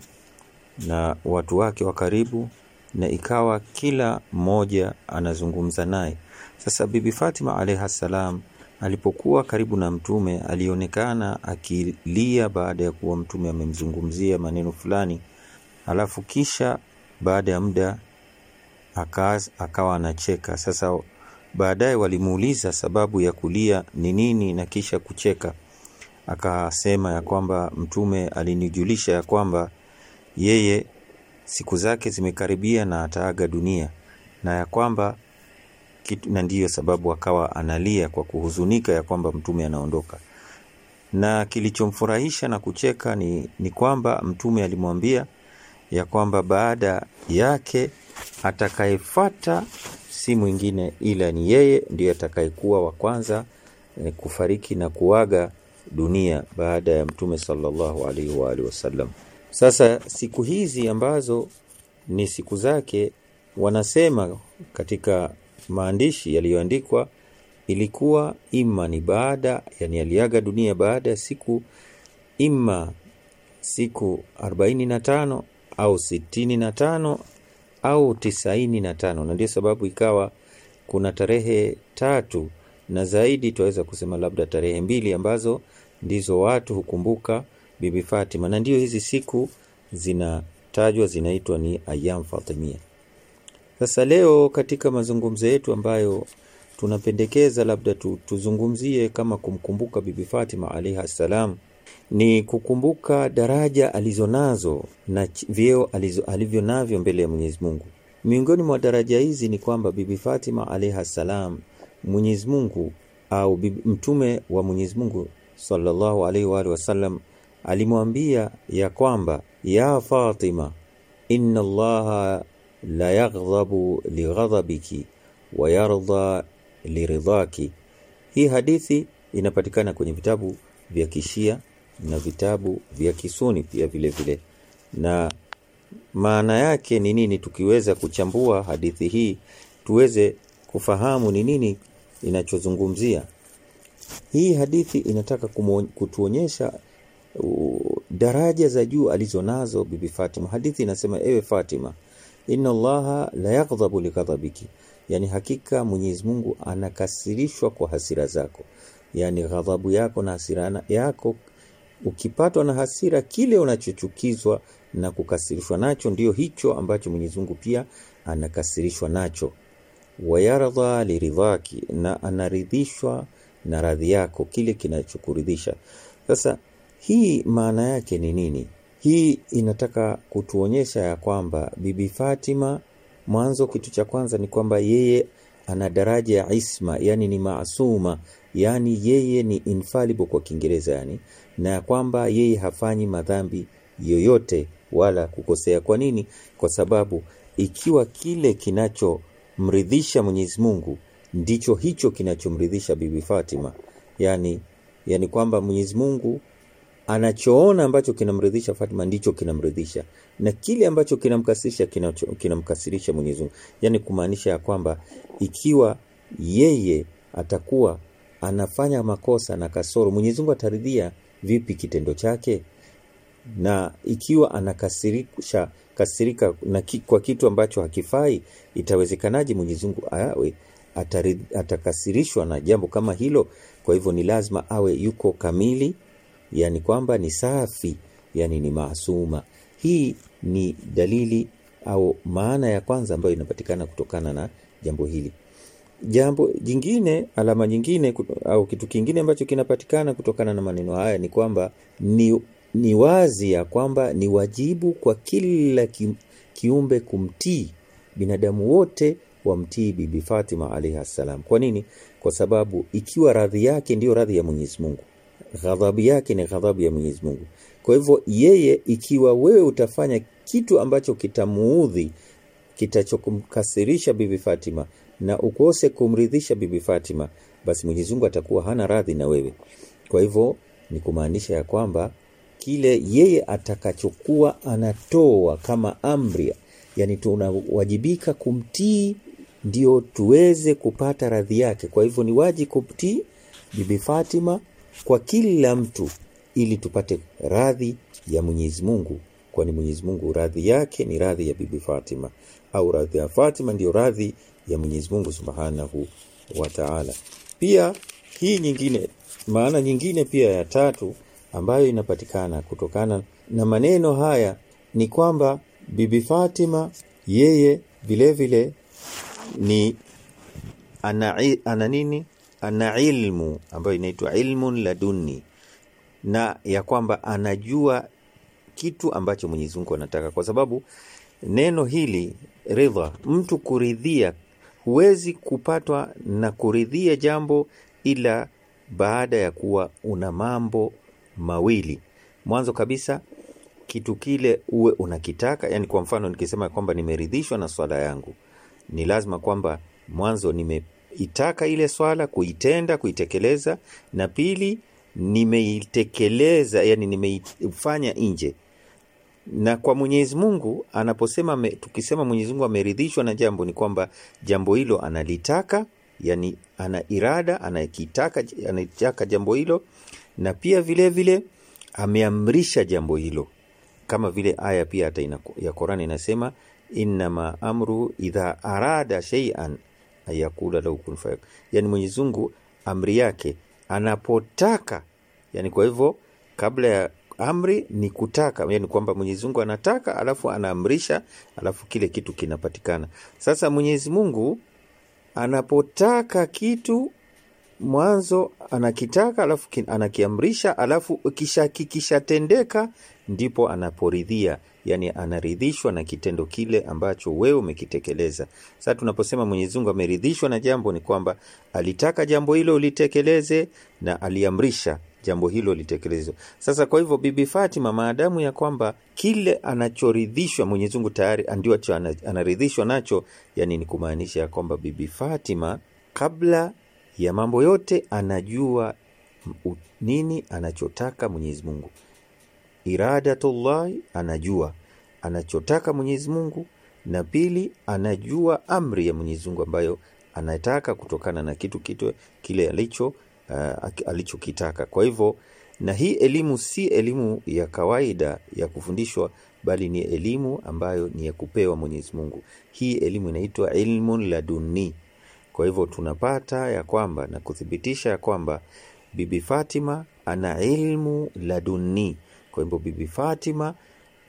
na watu wake wa karibu na ikawa kila mmoja anazungumza naye. Sasa Bibi Fatima alayha salam alipokuwa karibu na mtume alionekana akilia baada ya kuwa mtume amemzungumzia maneno fulani, alafu kisha baada ya muda akawa anacheka. Sasa baadaye walimuuliza sababu ya kulia ni nini na kisha kucheka, akasema ya kwamba mtume alinijulisha ya kwamba yeye siku zake zimekaribia na ataaga dunia, na ya kwamba na ndiyo sababu akawa analia kwa kuhuzunika ya kwamba mtume anaondoka. Na kilichomfurahisha na kucheka ni, ni kwamba mtume alimwambia ya kwamba baada yake atakayefata si mwingine ila ni yeye ndiye atakayekuwa wa kwanza eh, kufariki na kuaga dunia baada ya mtume sallallahu alaihi wa alihi wasallam. Sasa siku hizi ambazo ni siku zake, wanasema katika maandishi yaliyoandikwa ilikuwa ima ni baada, yani aliaga dunia baada ya siku ima siku 45 au 65 au 95, na ndio sababu ikawa kuna tarehe tatu na zaidi, tunaweza kusema labda tarehe mbili ambazo ndizo watu hukumbuka Bibi Fatima, na ndio hizi siku zinatajwa zinaitwa ni Ayam Fatimia. Sasa leo katika mazungumzo yetu ambayo tunapendekeza labda tu, tuzungumzie kama kumkumbuka Bibi Fatima alaiha salam ni kukumbuka daraja alizonazo na vyeo alivyo navyo mbele ya Mwenyezi Mungu. Miongoni mwa daraja hizi ni kwamba Bibi Fatima alaiha salam Mwenyezi Mungu au bibi, mtume wa Mwenyezi Mungu sallallahu alaihi wa sallam alimwambia ya kwamba ya Fatima, inna Allah la yaghdhabu lighadhabiki wa yardha liridhaki. Hii hadithi inapatikana kwenye vitabu vya Kishia na vitabu vya Kisuni pia vile vile. Na maana yake ni nini? Tukiweza kuchambua hadithi hii tuweze kufahamu ni nini inachozungumzia hii hadithi. Inataka kutuonyesha daraja za juu alizonazo Bibi Fatima. Hadithi inasema, ewe Fatima, inna Allaha la yaghdhabu likadhabiki, yani hakika Mwenyezi Mungu anakasirishwa kwa hasira zako, yani ghadhabu yako na hasira yako. Ukipatwa na hasira, kile unachochukizwa na kukasirishwa nacho ndiyo hicho ambacho Mwenyezi Mungu pia anakasirishwa nacho. Wayardha liridhaki, na anaridhishwa na radhi yako, kile kinachokuridhisha. Sasa hii maana yake ni nini? Hii inataka kutuonyesha ya kwamba Bibi Fatima mwanzo kitu cha kwanza ni kwamba yeye ana daraja ya isma, yani ni maasuma, yani yeye ni infallible kwa Kiingereza yani, na kwamba yeye hafanyi madhambi yoyote wala kukosea. Kwa nini? Kwa sababu ikiwa kile kinachomridhisha Mwenyezi Mungu ndicho hicho kinachomridhisha Bibi Fatima, yani yani kwamba Mwenyezi Mungu anachoona ambacho kinamridhisha Fatma ndicho kinamridhisha, na kile ambacho kinamkasirisha kinamkasirisha Mwenyezi Mungu. Yani kumaanisha ya kwamba ikiwa yeye atakuwa anafanya makosa na kasoro, Mwenyezi Mungu ataridhia vipi kitendo chake? Na ikiwa anakasirisha kasirika na ki, kwa kitu ambacho hakifai, itawezekanaje Mwenyezi Mungu awe atakasirishwa na jambo kama hilo? Kwa hivyo ni lazima awe yuko kamili yani kwamba ni safi, yani ni maasuma. Hii ni dalili au maana ya kwanza ambayo inapatikana kutokana na jambo hili. Jambo jingine, alama nyingine au kitu kingine ambacho kinapatikana kutokana na maneno haya ni kwamba ni, ni wazi ya kwamba ni wajibu kwa kila ki, kiumbe kumtii, binadamu wote wamtii Bibi Fatima alayhi salam. Kwa nini? Kwa sababu ikiwa radhi yake ndiyo radhi ya Mwenyezi Mungu ghadhabu yake ni ghadhabu ya Mwenyezi Mungu. Kwa hivyo yeye, ikiwa wewe utafanya kitu ambacho kitamuudhi, kitachokumkasirisha Bibi Fatima na ukose kumridhisha Bibi Fatima, basi Mwenyezi Mungu atakuwa hana radhi na wewe. Kwa hivyo ni kumaanisha ya kwamba kile yeye atakachokuwa anatoa kama amri, yani tunawajibika kumtii ndio tuweze kupata radhi yake. Kwa hivyo ni waji kumtii Bibi Fatima kwa kila mtu ili tupate radhi ya Mwenyezi Mungu kwani Mwenyezi Mungu radhi yake ni radhi ya bibi Fatima au radhi ya Fatima ndiyo radhi ya Mwenyezi Mungu Subhanahu wa Ta'ala pia hii nyingine maana nyingine pia ya tatu ambayo inapatikana kutokana na maneno haya ni kwamba bibi Fatima yeye vile vile ni ana, ana nini ana ilmu ambayo inaitwa ilmun laduni, na ya kwamba anajua kitu ambacho Mwenyezi Mungu anataka, kwa sababu neno hili ridha, mtu kuridhia, huwezi kupatwa na kuridhia jambo ila baada ya kuwa una mambo mawili. Mwanzo kabisa kitu kile uwe unakitaka, yani kwa mfano nikisema kwamba nimeridhishwa na swala yangu, ni lazima kwamba mwanzo nime itaka ile swala kuitenda kuitekeleza na pili nimeitekeleza yani nimeifanya nje na kwa mwenyezi mungu anaposema me, tukisema mwenyezi mungu ameridhishwa na jambo ni kwamba jambo hilo analitaka yani ana irada anakitaka anataka jambo hilo na pia vile vile ameamrisha jambo hilo kama vile aya pia hata ya Qur'an inasema innama amru idha arada shay'an ayakula la kun yani Mwenyezi Mungu amri yake anapotaka. Yani kwa hivyo kabla ya amri ni kutaka, yani kwamba Mwenyezi Mungu anataka alafu anaamrisha alafu kile kitu kinapatikana. Sasa Mwenyezi Mungu anapotaka kitu mwanzo anakitaka, alafu anakiamrisha, alafu kisha kikishatendeka ndipo anaporidhia, yani anaridhishwa na kitendo kile ambacho wewe umekitekeleza. Sasa tunaposema Mwenyezi Mungu ameridhishwa na jambo, ni kwamba alitaka jambo hilo ulitekeleze na aliamrisha jambo hilo litekelezwe. Sasa kwa hivyo, Bibi Fatima, maadamu ya kwamba kile anachoridhishwa Mwenyezi Mungu tayari ndio anaridhishwa nacho, yani ni kumaanisha ya kwamba Bibi Fatima kabla ya mambo yote anajua nini anachotaka Mwenyezi Mungu. Iradatullahi anajua anachotaka Mwenyezi Mungu, na pili anajua amri ya Mwenyezi Mungu ambayo anataka kutokana na kitu kitu kile alicho uh, alichokitaka. Kwa hivyo, na hii elimu si elimu ya kawaida ya kufundishwa, bali ni elimu ambayo ni ya kupewa Mwenyezi Mungu. Hii elimu inaitwa ilmun laduni kwa hivyo tunapata ya kwamba na kuthibitisha ya kwamba Bibi Fatima ana ilmu laduni. Kwa hivyo Bibi Fatima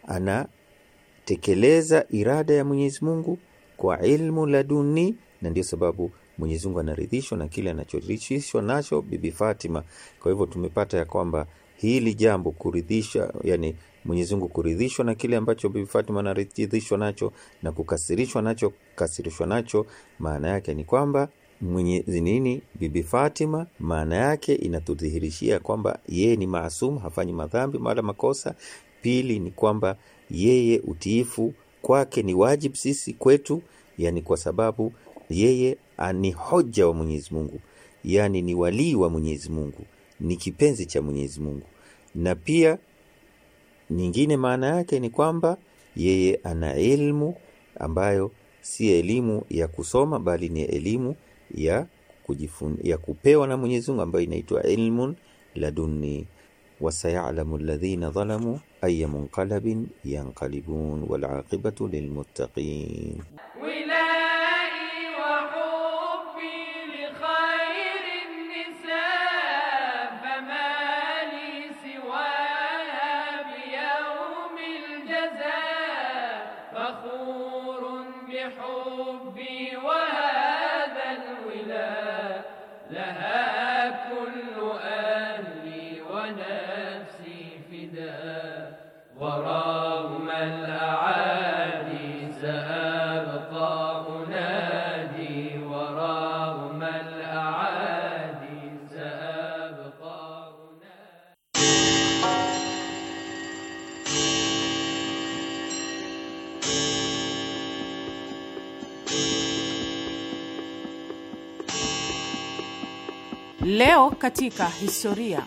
anatekeleza irada ya Mwenyezi Mungu kwa ilmu laduni, na ndio sababu Mwenyezi Mungu anaridhishwa na kile anachoridhishwa nacho Bibi Fatima. Kwa hivyo tumepata ya kwamba hili jambo kuridhisha, yani Mwenyezi Mungu kuridhishwa na kile ambacho Bibi Fatima anaridhishwa nacho na kukasirishwa nacho kasirishwa nacho, maana yake ni kwamba Mwenyezi nini, Bibi Fatima maana yake inatudhihirishia kwamba yeye ni maasum, hafanyi madhambi wala makosa. Pili ni kwamba yeye utiifu kwake ni wajibu sisi kwetu, yani kwa sababu yeye ni hoja wa Mwenyezi Mungu, yani ni walii wa Mwenyezi Mungu, ni kipenzi cha Mwenyezi Mungu na pia nyingine maana yake ni kwamba yeye ana elimu ambayo si elimu ya kusoma bali ni elimu ya kujifun, ya kupewa na Mwenyezi Mungu ambayo inaitwa ilmun laduni wasayalamu alladhina dhalamu ayyamun munqalabin yanqalibun wal aqibatu lilmuttaqin لها Leo katika historia.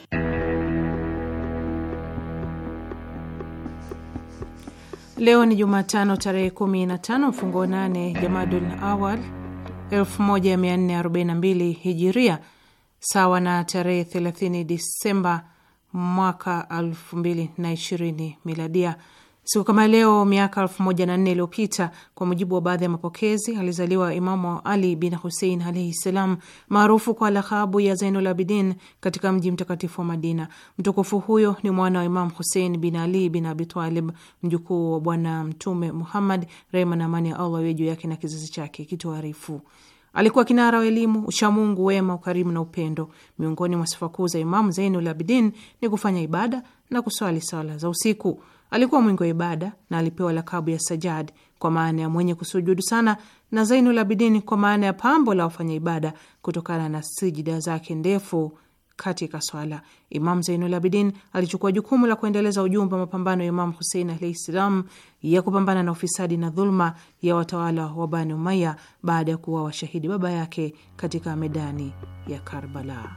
Leo ni Jumatano tarehe 15 mfungo 8 Jamadul Awal 1442 Hijiria, sawa na tarehe 30 Disemba mwaka 2020 Miladia. Siku kama leo miaka elfu moja na nne iliyopita kwa mujibu wa baadhi ya mapokezi, alizaliwa Imamu Ali bin Husein alaihi ssalam, maarufu kwa lahabu ya Zainul Abidin, katika mji mtakatifu wa Madina. Mtukufu huyo ni mwana wa Imamu Husein bin Ali bin Abitalib, mjukuu wa Bwana Mtume Muhammad, rehma na amani ya Allah iwe juu yake na kizazi chake kitoarifu. Alikuwa kinara wa elimu, uchamungu, wema, ukarimu na upendo. Miongoni mwa sifa kuu za Imamu Zainul Abidin ni kufanya ibada na kuswali sala za usiku. Alikuwa mwingi wa ibada na alipewa lakabu ya Sajad kwa maana ya mwenye kusujudu sana, na Zainul abidini kwa maana ya pambo la wafanya ibada kutokana na sijida zake ndefu katika swala. Imam Zainul Abidin alichukua jukumu la kuendeleza ujumbe wa mapambano ya Imam Husein alahi ssalam ya kupambana na ufisadi na dhuluma ya watawala wa Bani Umaya baada ya kuwa washahidi baba yake katika medani ya Karbala.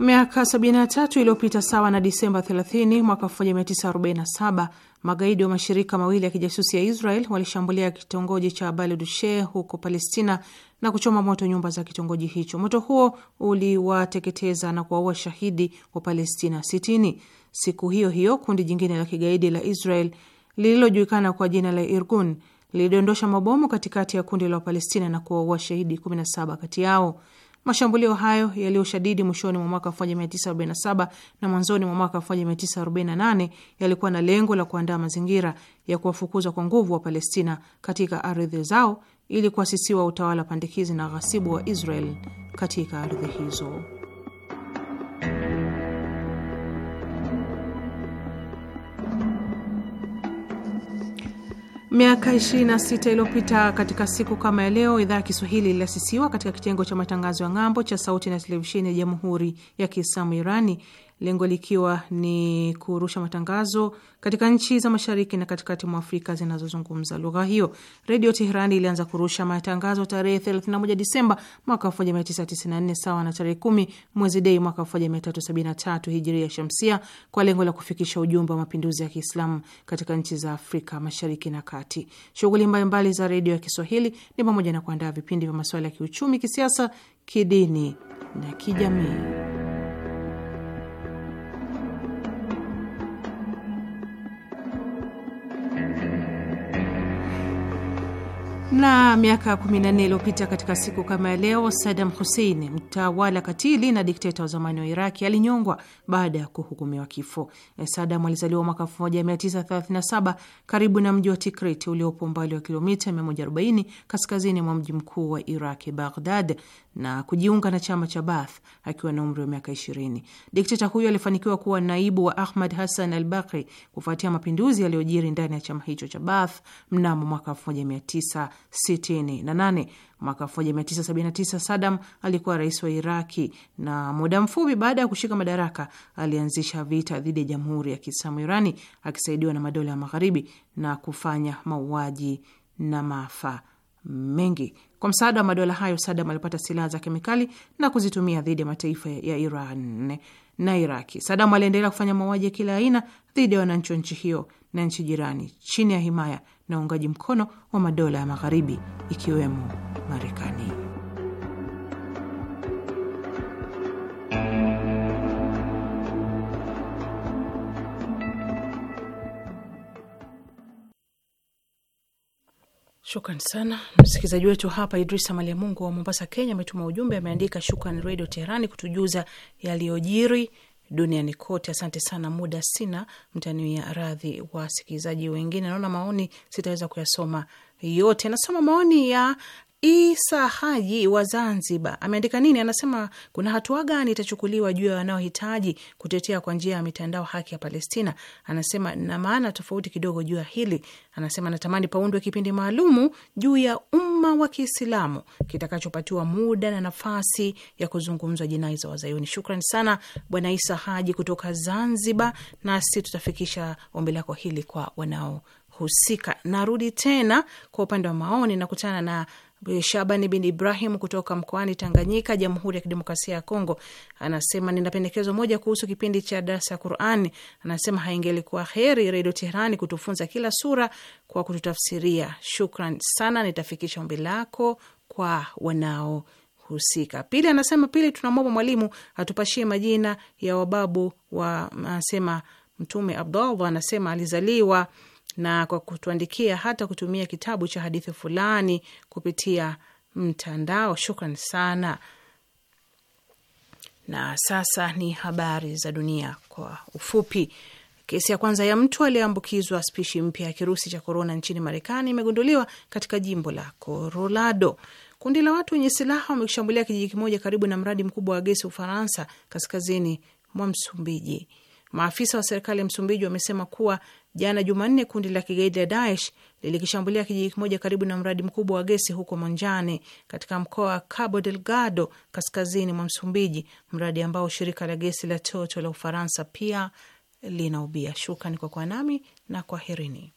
Miaka 73 iliyopita sawa na Disemba 30 mwaka 1947, magaidi wa mashirika mawili ya kijasusi ya Israel walishambulia kitongoji cha Baledushe huko Palestina na kuchoma moto nyumba za kitongoji hicho. Moto huo uliwateketeza na kuwaua shahidi wa Palestina 60. Siku hiyo hiyo kundi jingine la kigaidi la Israel lililojulikana kwa jina la Irgun lilidondosha mabomu katikati ya kundi la palestina na kuwaua shahidi 17 kati yao. Mashambulio hayo yaliyoshadidi mwishoni mwa mwaka 1947 na mwanzoni mwa mwaka 1948 yalikuwa na lengo la kuandaa mazingira ya kuwafukuza kwa nguvu wa Palestina katika ardhi zao ili kuasisiwa utawala pandikizi na ghasibu wa Israel katika ardhi hizo. Miaka 26 iliyopita katika siku kama ya leo, idhaa ya Kiswahili iliasisiwa katika kitengo cha matangazo ya ng'ambo cha sauti na televisheni ya Jamhuri ya Kiislamu Irani lengo likiwa ni kurusha matangazo katika nchi za mashariki na katikati mwa Afrika zinazozungumza lugha hiyo. Redio Teherani ilianza kurusha matangazo tarehe 31 Disemba mwaka 1994 sawa na tarehe 10 mwezi Dei mwaka 1373 hijiria shamsia kwa lengo la kufikisha ujumbe wa mapinduzi ya Kiislamu katika nchi za Afrika mashariki na kati. Shughuli mbalimbali za redio ya Kiswahili ni pamoja na kuandaa vipindi vya masuala ya kiuchumi, kisiasa, kidini na kijamii. Na miaka 14 iliyopita katika siku kama ya leo, Saddam Hussein, mtawala katili na dikteta wa zamani wa Iraki, alinyongwa baada ya kuhukumiwa kifo. Eh, Saddam alizaliwa mwaka 1937 karibu na mji wa Tikrit uliopo umbali wa kilomita 140 kaskazini mwa mji mkuu wa Iraki, Baghdad, na kujiunga na chama cha Baath akiwa na umri wa miaka 20. Dikteta huyo alifanikiwa kuwa naibu wa Ahmad Hassan al Bakri kufuatia mapinduzi yaliyojiri ndani ya chama hicho cha Baath mnamo mwaka 19 68. Mwaka 1979 Sadam alikuwa rais wa Iraki na muda mfupi baada ya kushika madaraka alianzisha vita dhidi ya jamhuri ya Kiislamu Irani akisaidiwa na madola ya Magharibi na kufanya mauaji na maafa mengi. Kwa msaada wa madola hayo, Sadam alipata silaha za kemikali na kuzitumia dhidi ya mataifa ya Iran na Iraki. Sadam aliendelea kufanya mauaji ya kila aina dhidi ya wananchi wa nchi hiyo na nchi jirani chini ya himaya na uungaji mkono wa madola ya Magharibi ikiwemo Marekani. Shukran sana msikilizaji wetu hapa. Idrisa Malia Mungu wa Mombasa, Kenya, ametuma ujumbe, ameandika: shukran Redio Teherani kutujuza yaliyojiri duniani kote. Asante sana, muda sina, mtaniwia radhi wasikilizaji wengine. Naona maoni sitaweza kuyasoma yote. Nasoma maoni ya Isa Haji wa Zanzibar ameandika nini? Anasema kuna hatua gani itachukuliwa juu ya wanaohitaji kutetea kwa njia ya mitandao haki ya Palestina? Anasema na maana tofauti kidogo juu ya hili. Anasema natamani paundwe kipindi maalumu juu ya umma wa Kiislamu kitakachopatiwa muda na nafasi ya kuzungumzwa jinai za Wazayuni. Shukran sana Bwana Isa Haji kutoka Zanzibar, nasi tutafikisha ombi lako hili kwa wanaohusika. Narudi tena kwa upande wa maoni, nakutana na Shabani bin Ibrahim kutoka mkoani Tanganyika, Jamhuri ya Kidemokrasia ya Kongo, anasema nina pendekezo moja kuhusu kipindi cha darsa ya Qurani. Anasema haingelikuwa heri Redio Teherani kutufunza kila sura kwa kututafsiria. Shukran sana, nitafikisha ombi lako kwa wanaohusika. Pili anasema pili, tunamwomba mwalimu atupashie majina ya wababu wa, anasema Mtume Abdallah anasema alizaliwa na kwa kutuandikia hata kutumia kitabu cha hadithi fulani kupitia mtandao. Shukran sana. Na sasa ni habari za dunia kwa ufupi. Kesi ya kwanza ya mtu aliyeambukizwa spishi mpya ya kirusi cha korona nchini Marekani imegunduliwa katika jimbo la Colorado. Kundi la watu wenye silaha wamekishambulia kijiji kimoja karibu na mradi mkubwa wa gesi Ufaransa, kaskazini mwa Msumbiji. Maafisa wa serikali ya Msumbiji wamesema kuwa jana Jumanne kundi la kigaidi la Daesh lilikishambulia kijiji kimoja karibu na mradi mkubwa wa gesi huko Monjane katika mkoa wa Cabo Delgado kaskazini mwa Msumbiji, mradi ambao shirika la gesi la Toto la Ufaransa pia linaubia. Shukrani kwa kuwa nami na kwaherini.